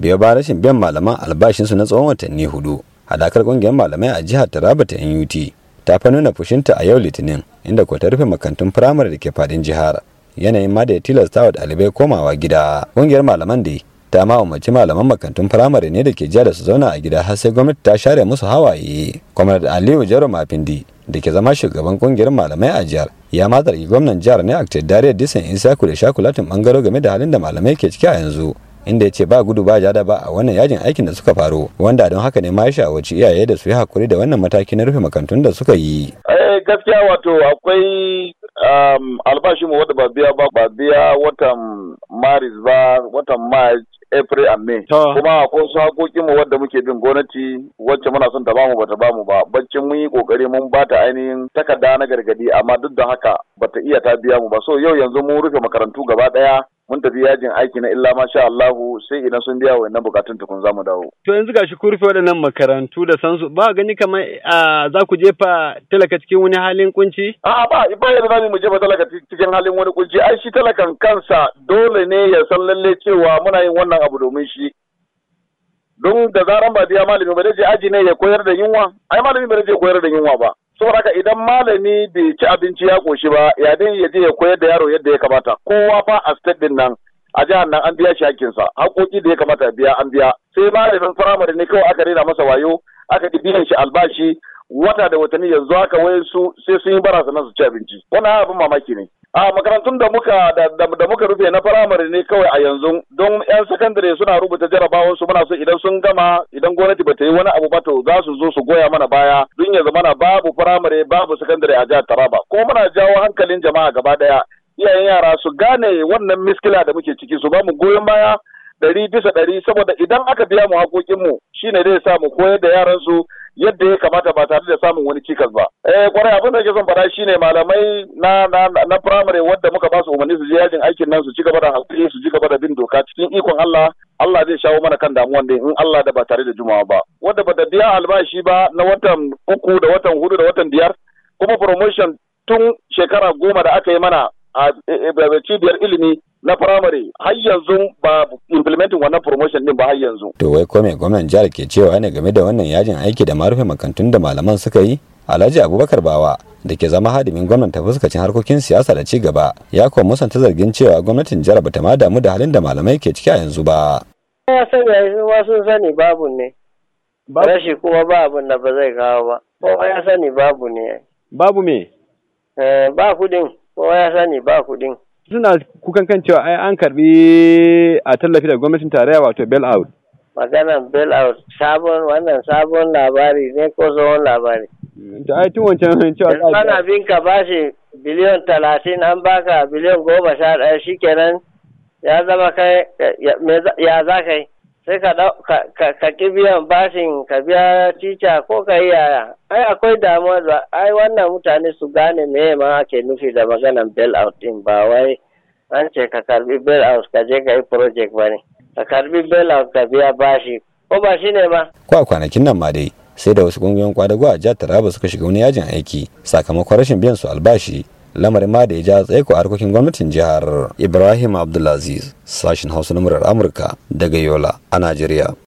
biyo ba rashin biyan malaman albashinsu na tsawon watanni hudu hadakar kungiyar malamai a jihar taraba ta nut ta fa nuna fushinta a yau litinin inda ko ta rufe makantun firamare da ke fadin jihar yanayin ma da ya tilasta wa ɗalibai komawa gida kungiyar malaman da ta ma umarci malaman makantun firamare ne da ke jiya da su zauna a gida har sai gwamnati ta share musu hawaye kwamar da aliyu jaro mafindi da ke zama shugaban kungiyar malamai a jihar ya ma zargi gwamnan jihar ne a dariya disan isa da shakulatin bangaro game da halin da malamai ke ciki a yanzu inda ya ce ba gudu ba jada ba a wannan yajin aikin da suka faru wanda don haka ne ma ya shawarci iyaye da su yi hakuri da wannan mataki na rufe makantun da suka yi. Eh gaskiya wato akwai um, albashi mu wata ba biya ba ba watan Maris ba watan April and May. Kuma akwai su hakokin mu wadda muke bin gwamnati wacce muna son ta bamu bata bamu ba. Baccin mun yi kokari mun bata ainihin takarda na gargadi amma duk da haka bata iya ta biya mu ba. So yau yanzu mun rufe makarantu gaba ɗaya. mun tafi yajin aiki na illa ma sha Allahu sai idan sun biya wayannan bukatun tukun za mu dawo. To yanzu gashi ku rufe waɗannan makarantu da sansu ba gani kamar za ku jefa talaka cikin wani halin kunci? A ba ba yadda za mu jefa talaka cikin halin wani kunci ai shi talakan kansa dole ne ya san lalle cewa muna yin wannan abu domin shi. Don da zaran ba biya malami ba zai je aji ne ya koyar da yunwa ai malami ba zai koyar da yunwa ba. saboda haka idan malami bai ci abinci ya koshi ba ya din ya je ya koyar da yaro yadda ya kamata kowa fa a state din nan a jihar nan an biya shi hakinsa haƙoƙi da ya kamata biya an biya sai malamin firamare ne kawai aka rena masa wayo aka ki biyan shi albashi wata da watanni yanzu haka wayansu sai sun yi barasa nan su ci abinci wannan abin mamaki ne A makarantun da muka da, muka rufe na firamare ne kawai a yanzu don 'yan sakandare suna rubuta jarabawan su muna so idan sun gama idan gwamnati ba ta yi wani abu ba to za su zo su goya mana baya don ya zamana babu firamare babu sakandare a jihar Taraba ko muna jawo hankalin jama'a gaba daya iyayen yara su gane wannan miskila da muke ciki su ba mu goyon baya ɗari bisa ɗari saboda idan aka biya mu haƙoƙinmu shine zai sa mu koyar da yaran su yadda ya kamata ba tare da samun wani cikas ba eh kwarai abin da ke son faɗa shine malamai na na na primary wadda muka ba su umarni su je yajin aikin nan su ci gaba da hakuri su ci gaba da bin doka cikin ikon Allah Allah zai shawo mana kan damuwan da in Allah da ba tare da juma'a ba wadda da biya albashi ba na watan uku da watan hudu da watan biyar kuma promotion tun shekara goma da aka yi mana a eh, eh, cibiyar ilimi na firamare har yanzu ba implementing wannan promotion din ba har yanzu. To wai ko me gwamnan jihar ke cewa ne game da wannan yajin aiki da marufin makantun da malaman suka yi? Alhaji Abubakar Bawa da ke zama hadimin gwamnan ta fuskacin harkokin siyasa da cigaba, ya kuma musanta zargin cewa gwamnatin jihar bata ma damu da halin da malamai ke ciki a yanzu ba. Ya sani sun sani babu ne. Rashi kuma ba abin da ba zai kawo ba. Kowa ya sani babu ne. Babu me? Eh, ba kudin. Kowa ya sani ba kudin. suna kukan kan cewa ai an karbi a tallafi da gwamnatin tarayya wato bail out maganan bail out sabon wannan sabon labari ne ko tsohon labari to ai tun wancan cewa yanzu bin ka bashi biliyon talatin an baka biliyon goma sha ɗaya shikenan ya zama kai ya za kai sai ka ƙi biyan bashin ka biya tica ko ka yi yaya ai akwai damuwa da ai wannan mutane su gane me ma ake nufi da maganan bail out din ba wai an ce ka karbi bail out ka je ka yi project ba ne ka karbi bail out ka biya bashi ko ba shi ne ba. a kwanakin nan ma dai sai da wasu kungiyoyin kwadago a jihar taraba suka shiga wani yajin aiki sakamakon rashin biyan su albashi lamarin ma da ya ja tsaye ko harkokin gwamnatin jihar ibrahim abdulaziz sashen hausa na murar amurka daga yola a najeriya